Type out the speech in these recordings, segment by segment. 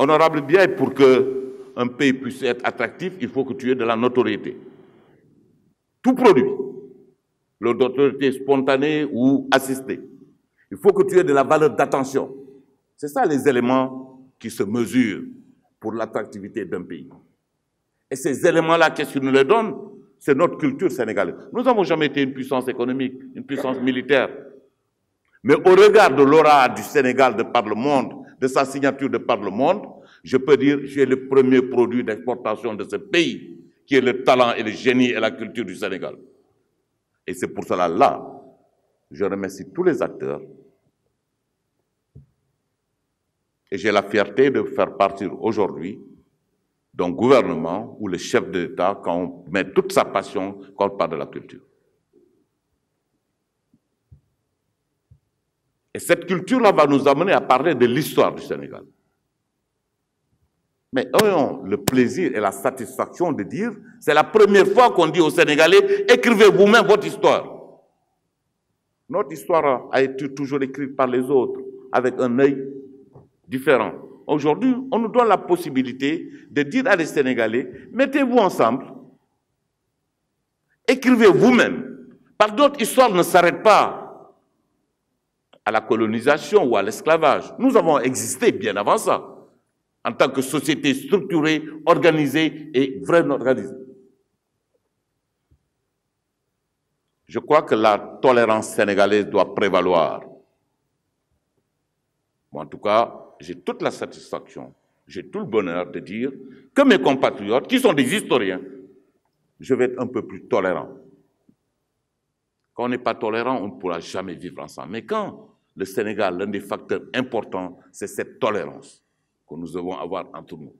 Honorable Biaï, pour que un pays puisse être attractif, il faut que tu aies de la notoriété. Tout produit, le notoriété spontanée ou assistée, il faut que tu aies de la valeur d'attention. C'est ça les éléments qui se mesurent pour l'attractivité d'un pays. Et ces éléments-là, qu'est-ce qu'ils nous les donne C'est notre culture sénégalaise. Nous n'avons jamais été une puissance économique, une puissance militaire. Mais au regard de l'aura du Sénégal de par le monde, de sa signature de par le monde, je peux dire j'ai le premier produit d'exportation de ce pays, qui est le talent et le génie et la culture du Sénégal. Et c'est pour cela, là, je remercie tous les acteurs. Et j'ai la fierté de faire partir aujourd'hui d'un gouvernement où le chef de l'État, quand on met toute sa passion, quand on parle de la culture. Et cette culture-là va nous amener à parler de l'histoire du Sénégal. Mais ayons le plaisir et la satisfaction de dire, c'est la première fois qu'on dit aux Sénégalais, écrivez vous-même votre histoire. Notre histoire a été toujours écrite par les autres, avec un œil différent. Aujourd'hui, on nous donne la possibilité de dire à les Sénégalais, mettez-vous ensemble, écrivez vous-même. Par d'autres, histoire ne s'arrête pas à la colonisation ou à l'esclavage. Nous avons existé bien avant ça, en tant que société structurée, organisée et vraiment organisée. Je crois que la tolérance sénégalaise doit prévaloir. Moi, en tout cas, j'ai toute la satisfaction, j'ai tout le bonheur de dire que mes compatriotes, qui sont des historiens, je vais être un peu plus tolérant. Quand on n'est pas tolérant, on ne pourra jamais vivre ensemble. Mais quand le Sénégal, l'un des facteurs importants, c'est cette tolérance que nous devons avoir entre nous.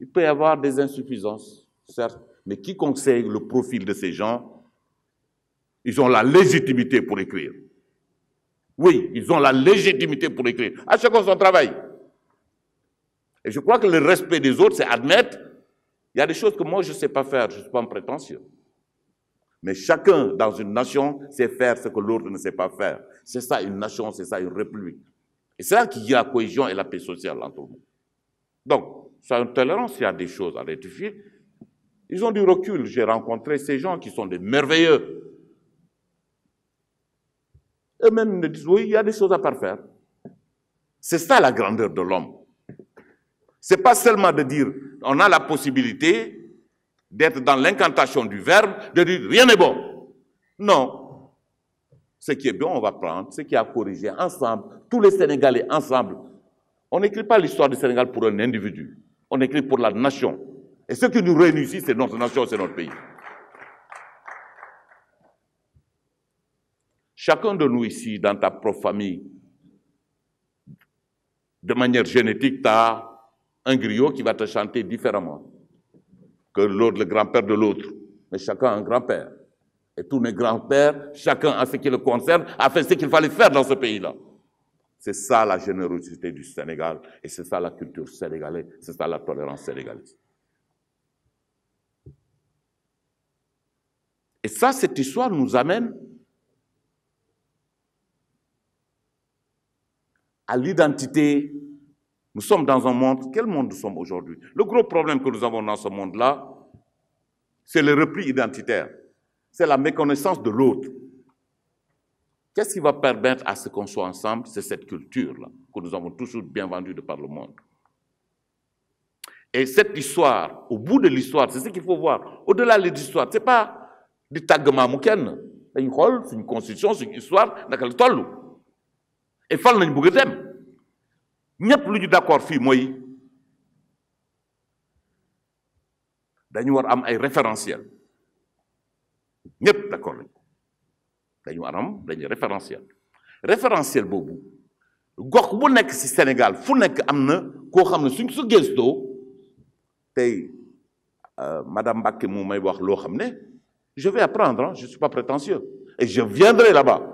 Il peut y avoir des insuffisances, certes, mais qui conseille le profil de ces gens, ils ont la légitimité pour écrire. Oui, ils ont la légitimité pour écrire. À fois son travail. Et je crois que le respect des autres, c'est admettre, il y a des choses que moi je ne sais pas faire, je ne suis pas un prétentieux. Mais chacun dans une nation sait faire ce que l'autre ne sait pas faire. C'est ça une nation, c'est ça une république. Et c'est là qu'il y a la cohésion et la paix sociale entre nous. Donc, sur une tolérance, il y a des choses à rectifier. Ils ont du recul. J'ai rencontré ces gens qui sont des merveilleux. Eux-mêmes me disent, oui, il y a des choses à parfaire. C'est ça la grandeur de l'homme. C'est pas seulement de dire, on a la possibilité, d'être dans l'incantation du verbe, de dire rien n'est bon. Non. Ce qui est bon, on va prendre, ce qui a corrigé ensemble, tous les Sénégalais ensemble. On n'écrit pas l'histoire du Sénégal pour un individu, on écrit pour la nation. Et ce qui nous réunit ici, c'est notre nation, c'est notre pays. Chacun de nous ici, dans ta propre famille, de manière génétique, tu as un griot qui va te chanter différemment que l'autre, le grand-père de l'autre. Mais chacun a un grand-père. Et tous mes grands-pères, chacun en ce qui le concerne, a fait ce qu'il fallait faire dans ce pays-là. C'est ça la générosité du Sénégal, et c'est ça la culture sénégalaise, c'est ça la tolérance sénégalaise. Et ça, cette histoire nous amène à l'identité nous sommes dans un monde, quel monde nous sommes aujourd'hui Le gros problème que nous avons dans ce monde-là, c'est le repli identitaire, c'est la méconnaissance de l'autre. Qu'est-ce qui va permettre à ce qu'on soit ensemble C'est cette culture-là que nous avons toujours bien vendue de par le monde. Et cette histoire, au bout de l'histoire, c'est ce qu'il faut voir. Au-delà de l'histoire, ce n'est pas du tagma mouken. C'est une constitution, c'est une histoire, c'est une Et fall nañ nous ñepp lu d'accord fi moy dañu war am ay référentiel ñepp d'accord lañu dañu war am dañuy référentiel référentiel bobu gox bu nek ci Sénégal fu nek amna ko xamne xam ne suñ su euh, madame Mbacké mu may wax lo xamne je vais apprendre hein, je suis pas prétentieux et je viendrai là-bas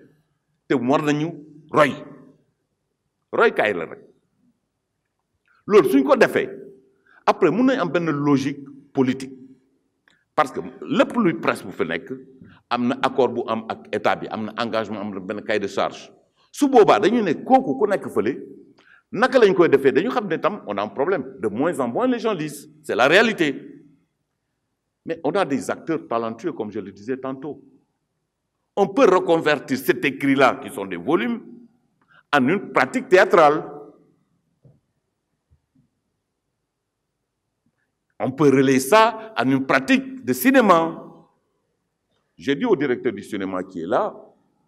te war nañu roy kay la rek loolu suñ ko défé après mën nañ am une logique politique parce que lepp luy presse bu fi nek amna accord bu am ak état bi amna engagement am ben benn de charge su boobaa dañu ne kooku ku nek feulé naka lañ koy défé dañu xam tam on a un problème de moins en moins les gens lisent c'est la réalité mais on a des acteurs talentueux comme je le disais tantôt on peut reconvertir cet écrit-là, qui sont des volumes, en une pratique théâtrale. On peut relayer ça en une pratique de cinéma. J'ai dit au directeur du cinéma qui est là,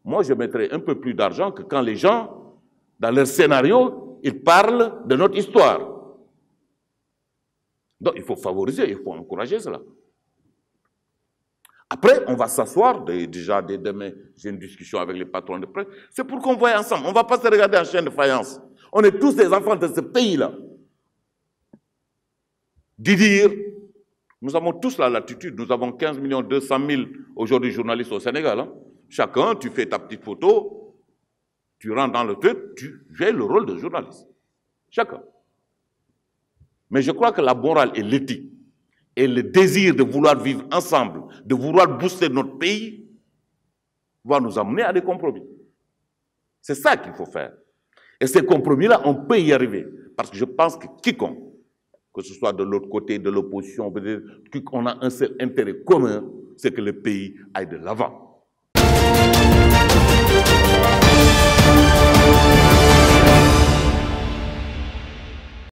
moi je mettrais un peu plus d'argent que quand les gens, dans leur scénario, ils parlent de notre histoire. Donc il faut favoriser, il faut encourager cela. Après, on va s'asseoir, déjà dès demain, j'ai une discussion avec les patrons de presse. C'est pour qu'on voie ensemble. On ne va pas se regarder en chaîne de faïence. On est tous des enfants de ce pays-là. Dis-dire, nous avons tous la latitude. Nous avons 15 200 000 aujourd'hui journalistes au Sénégal. Hein. Chacun, tu fais ta petite photo, tu rentres dans le truc, tu joues le rôle de journaliste. Chacun. Mais je crois que la morale et l'éthique et le désir de vouloir vivre ensemble, de vouloir booster notre pays, va nous amener à des compromis. C'est ça qu'il faut faire. Et ces compromis-là, on peut y arriver. Parce que je pense que quiconque, que ce soit de l'autre côté, de l'opposition, quiconque a un seul intérêt commun, c'est que le pays aille de l'avant.